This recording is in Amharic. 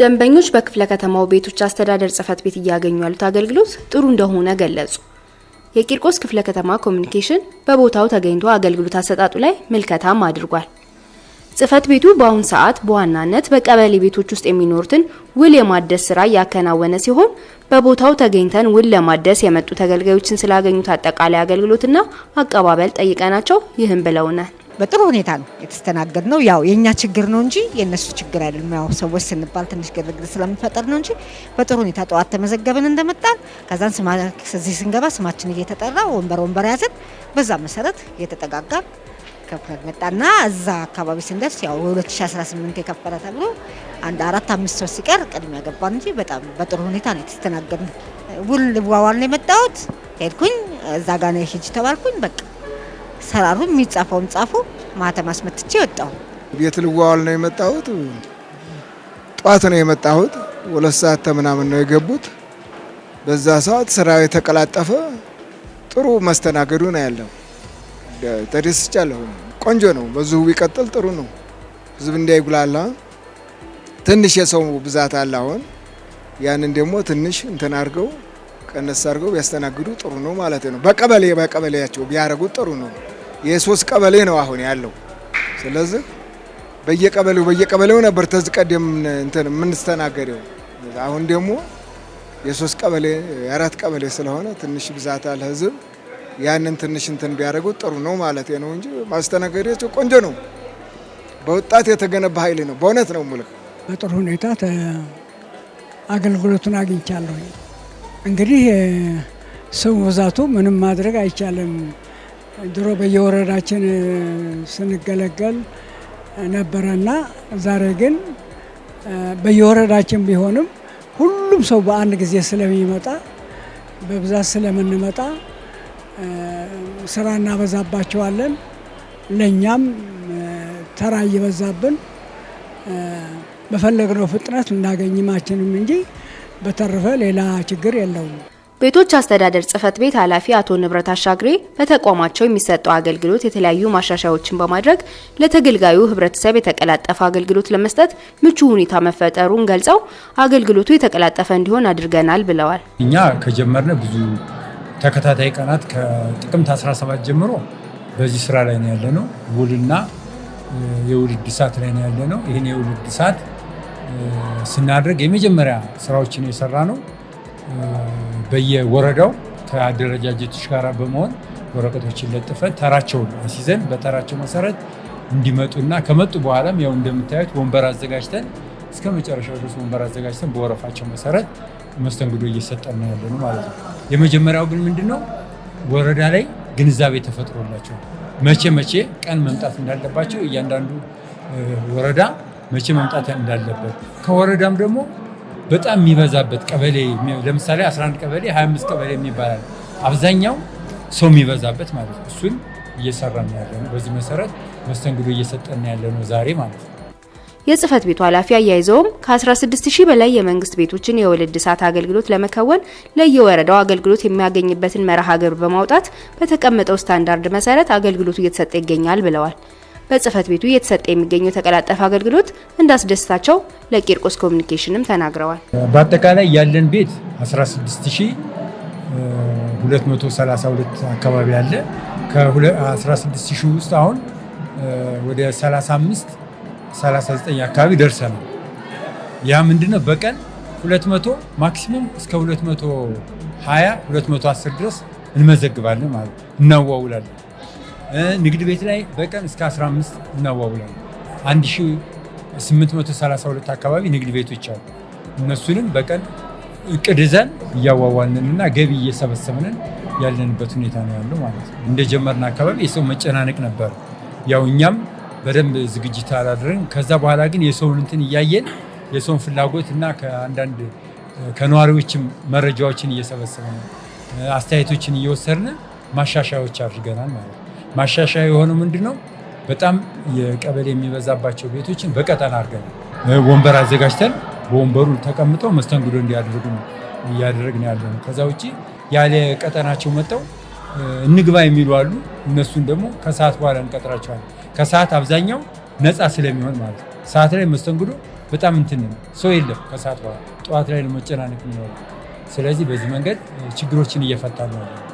ደንበኞች በክፍለ ከተማው ቤቶች አስተዳደር ጽህፈት ቤት እያገኙ ያሉት አገልግሎት ጥሩ እንደሆነ ገለጹ። የቂርቆስ ክፍለ ከተማ ኮሚኒኬሽን በቦታው ተገኝቶ አገልግሎት አሰጣጡ ላይ ምልከታም አድርጓል። ጽህፈት ቤቱ በአሁኑ ሰዓት በዋናነት በቀበሌ ቤቶች ውስጥ የሚኖሩትን ውል የማደስ ስራ እያከናወነ ሲሆን በቦታው ተገኝተን ውል ለማደስ የመጡ ተገልጋዮችን ስላገኙት አጠቃላይ አገልግሎትና አቀባበል ጠይቀናቸው ይህን ብለውናል። በጥሩ ሁኔታ ነው የተስተናገድ ነው። ያው የእኛ ችግር ነው እንጂ የእነሱ ችግር አይደለም። ያው ሰዎች ስንባል ትንሽ ግርግር ስለሚፈጠር ነው እንጂ በጥሩ ሁኔታ ጠዋት ተመዘገብን እንደመጣን። ከዛን እዚህ ስንገባ ስማችን እየተጠራ ወንበር ወንበር ያዘን። በዛ መሰረት እየተጠጋጋን ከፍለን መጣና እዛ አካባቢ ስንደርስ ያው 2018 የከፈለ ተብሎ አንድ አራት አምስት ሰው ሲቀር ቅድሚያ ገባን እንጂ በጣም በጥሩ ሁኔታ ነው የተስተናገድ ነው። ውል ልዋዋል ነው የመጣሁት ሄድኩኝ እዛ ጋር ነው ሂጅ ተባልኩኝ በቃ አሰራሩ የሚጻፈውን ጻፉ ማተም አስመትቼ ወጣሁ። ቤት ልዋዋል ነው የመጣሁት። ጧት ነው የመጣሁት። ሁለት ሰዓት ተምናምን ነው የገቡት። በዛ ሰዓት ስራው የተቀላጠፈ ጥሩ መስተናገዱ ነው ያለው። ተደስቻለሁ። ቆንጆ ነው። በዚሁ ቢቀጥል ጥሩ ነው። ህዝብ እንዳይጉላላ ትንሽ የሰው ብዛት አለ አሁን ያንን ደግሞ ትንሽ እንትን አድርገው ቀነስ አድርገው ቢያስተናግዱ ጥሩ ነው ማለት ነው። በቀበሌ በቀበሌያቸው ቢያደርጉት ጥሩ ነው። የሶስት ቀበሌ ነው አሁን ያለው። ስለዚህ በየቀበሌው በየቀበሌው ነበር ተዝ ቀደም እንትን የምንስተናገደው። አሁን ደግሞ የሶስት ቀበሌ የአራት ቀበሌ ስለሆነ ትንሽ ብዛት አለ ህዝብ። ያንን ትንሽ እንትን ቢያደርጉ ጥሩ ነው ማለት ነው እንጂ ማስተናገዳቸው ቆንጆ ነው። በወጣት የተገነባ ኃይል ነው። በእውነት ነው ሙልክ በጥሩ ሁኔታ አገልግሎቱን አግኝቻለሁ። እንግዲህ ሰው ብዛቱ ምንም ማድረግ አይቻልም። ድሮ በየወረዳችን ስንገለገል ነበረና ዛሬ ግን በየወረዳችን ቢሆንም ሁሉም ሰው በአንድ ጊዜ ስለሚመጣ በብዛት ስለምንመጣ ስራ እናበዛባቸዋለን። ለእኛም ተራ እየበዛብን በፈለግነው ፍጥነት እናገኝማችንም እንጂ በተረፈ ሌላ ችግር የለውም። ቤቶች አስተዳደር ጽህፈት ቤት ኃላፊ አቶ ንብረት አሻግሬ በተቋማቸው የሚሰጠው አገልግሎት የተለያዩ ማሻሻያዎችን በማድረግ ለተገልጋዩ ህብረተሰብ የተቀላጠፈ አገልግሎት ለመስጠት ምቹ ሁኔታ መፈጠሩን ገልጸው አገልግሎቱ የተቀላጠፈ እንዲሆን አድርገናል ብለዋል። እኛ ከጀመርነ ብዙ ተከታታይ ቀናት ከጥቅምት 17 ጀምሮ በዚህ ስራ ላይ ነው ያለ ነው። ውልና የውልድ ሰዓት ላይ ነው ያለ ነው። ይህን የውልድ ሰዓት ስናደርግ የመጀመሪያ ስራዎችን የሰራ ነው በየወረዳው ከአደረጃጀቶች ጋር በመሆን ወረቀቶችን ለጥፈን ተራቸውን አስይዘን በተራቸው መሰረት እንዲመጡና ከመጡ በኋላም ያው እንደምታዩት ወንበር አዘጋጅተን እስከ መጨረሻው ድረስ ወንበር አዘጋጅተን በወረፋቸው መሰረት መስተንግዶ እየሰጠን ነው ነው ማለት ነው። የመጀመሪያው ግን ምንድን ነው ወረዳ ላይ ግንዛቤ ተፈጥሮላቸው መቼ መቼ ቀን መምጣት እንዳለባቸው እያንዳንዱ ወረዳ መቼ መምጣት እንዳለበት ከወረዳም ደግሞ በጣም የሚበዛበት ቀበሌ ለምሳሌ 11 ቀበሌ 25 ቀበሌ የሚባላል አብዛኛው ሰው የሚበዛበት ማለት ነው። እሱን ነው ያለ ነው። በዚህ መሰረት መስተንግዶ እየሰጠን ያለ ነው ዛሬ ማለት ነው። የጽህፈት ቤቱ ኃላፊ አያይዘውም ከ16 ሺህ በላይ የመንግስት ቤቶችን የወለድ ሰዓት አገልግሎት ለመከወን ለየወረዳው አገልግሎት የሚያገኝበትን መርሃ ግብር በማውጣት በተቀመጠው ስታንዳርድ መሰረት አገልግሎቱ እየተሰጠ ይገኛል ብለዋል። በጽህፈት ቤቱ እየተሰጠ የሚገኘው የተቀላጠፈ አገልግሎት እንዳስደስታቸው ለቂርቆስ ኮሚኒኬሽንም ተናግረዋል። በአጠቃላይ ያለን ቤት 16232 አካባቢ አለ። ከ16000 ውስጥ አሁን ወደ 35 39 አካባቢ ደርሰናል። ያ ምንድነው በቀን 200 ማክሲሙም እስከ 220 210 ድረስ እንመዘግባለን ማለት እናዋውላለን። ንግድ ቤት ላይ በቀን እስከ 15 እናዋውላለን። 1832 አካባቢ ንግድ ቤቶች አሉ። እነሱንም በቀን እቅድ ይዘን እያዋዋልን እና ገቢ እየሰበሰብንን ያለንበት ሁኔታ ነው ያለው ማለት ነው። እንደጀመርን አካባቢ የሰው መጨናነቅ ነበር ያው እኛም በደንብ ዝግጅት አላደረግን። ከዛ በኋላ ግን የሰውን እንትን እያየን የሰውን ፍላጎት እና ከአንዳንድ ከነዋሪዎችም መረጃዎችን እየሰበሰብን አስተያየቶችን እየወሰድን ማሻሻያዎች አድርገናል ማለት ነው። ማሻሻያ የሆነው ምንድን ነው? በጣም የቀበሌ የሚበዛባቸው ቤቶችን በቀጠና አድርገን ወንበር አዘጋጅተን በወንበሩ ተቀምጠው መስተንግዶ እንዲያደርጉ እያደረግን ያለ ነው። ከዛ ውጭ ያለ ቀጠናቸው መጠው እንግባ የሚሉ አሉ። እነሱን ደግሞ ከሰዓት በኋላ እንቀጥራቸዋለን። ከሰዓት አብዛኛው ነፃ ስለሚሆን ማለት ነው። ሰዓት ላይ መስተንግዶ በጣም እንትን ሰው የለም። ከሰዓት በኋላ ጠዋት ላይ ለመጨናነቅ መጨናነቅ ስለዚህ በዚህ መንገድ ችግሮችን እየፈታ ነው።